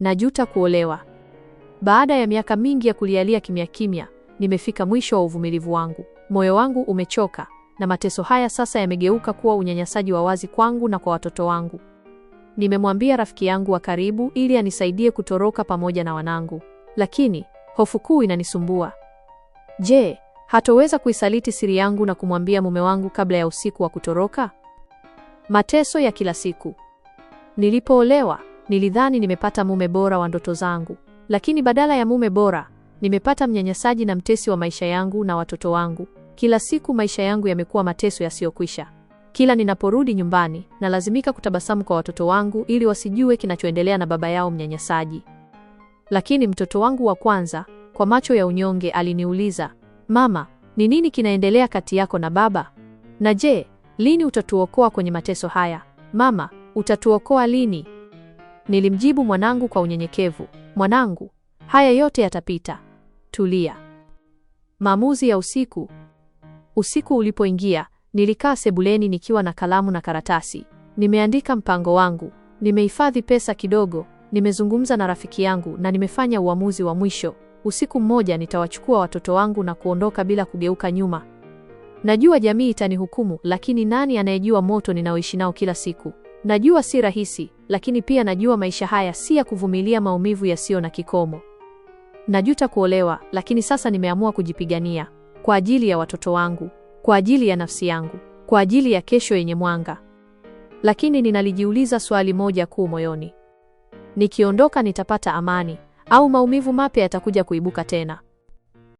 najuta kuolewa. Baada ya miaka mingi ya kulialia kimya kimya, nimefika mwisho wa uvumilivu wangu. Moyo wangu umechoka na mateso haya sasa yamegeuka kuwa unyanyasaji wa wazi kwangu na kwa watoto wangu. Nimemwambia rafiki yangu wa karibu ili anisaidie kutoroka pamoja na wanangu, lakini hofu kuu inanisumbua. Je, hatoweza kuisaliti siri yangu na kumwambia mume wangu kabla ya usiku wa kutoroka? Mateso ya kila siku. Nilipoolewa Nilidhani nimepata mume bora wa ndoto zangu, lakini badala ya mume bora nimepata mnyanyasaji na mtesi wa maisha yangu na watoto wangu. Kila siku maisha yangu yamekuwa mateso yasiyokwisha. Kila ninaporudi nyumbani nalazimika kutabasamu kwa watoto wangu ili wasijue kinachoendelea na baba yao mnyanyasaji. Lakini mtoto wangu wa kwanza, kwa macho ya unyonge, aliniuliza, mama, ni nini kinaendelea kati yako na baba? Na je, lini utatuokoa kwenye mateso haya? Mama, utatuokoa lini? Nilimjibu mwanangu kwa unyenyekevu, mwanangu, haya yote yatapita, tulia. Maamuzi ya usiku. Usiku ulipoingia, nilikaa sebuleni nikiwa na kalamu na karatasi. Nimeandika mpango wangu, nimehifadhi pesa kidogo, nimezungumza na rafiki yangu na nimefanya uamuzi wa mwisho. Usiku mmoja nitawachukua watoto wangu na kuondoka bila kugeuka nyuma. Najua jamii itanihukumu, lakini nani anayejua moto ninaoishi nao kila siku? Najua si rahisi, lakini pia najua maisha haya si ya kuvumilia maumivu yasiyo na kikomo. Najuta kuolewa, lakini sasa nimeamua kujipigania kwa ajili ya watoto wangu, kwa ajili ya nafsi yangu, kwa ajili ya kesho yenye mwanga. Lakini ninalijiuliza swali moja kuu moyoni: nikiondoka nitapata amani au maumivu mapya yatakuja kuibuka tena?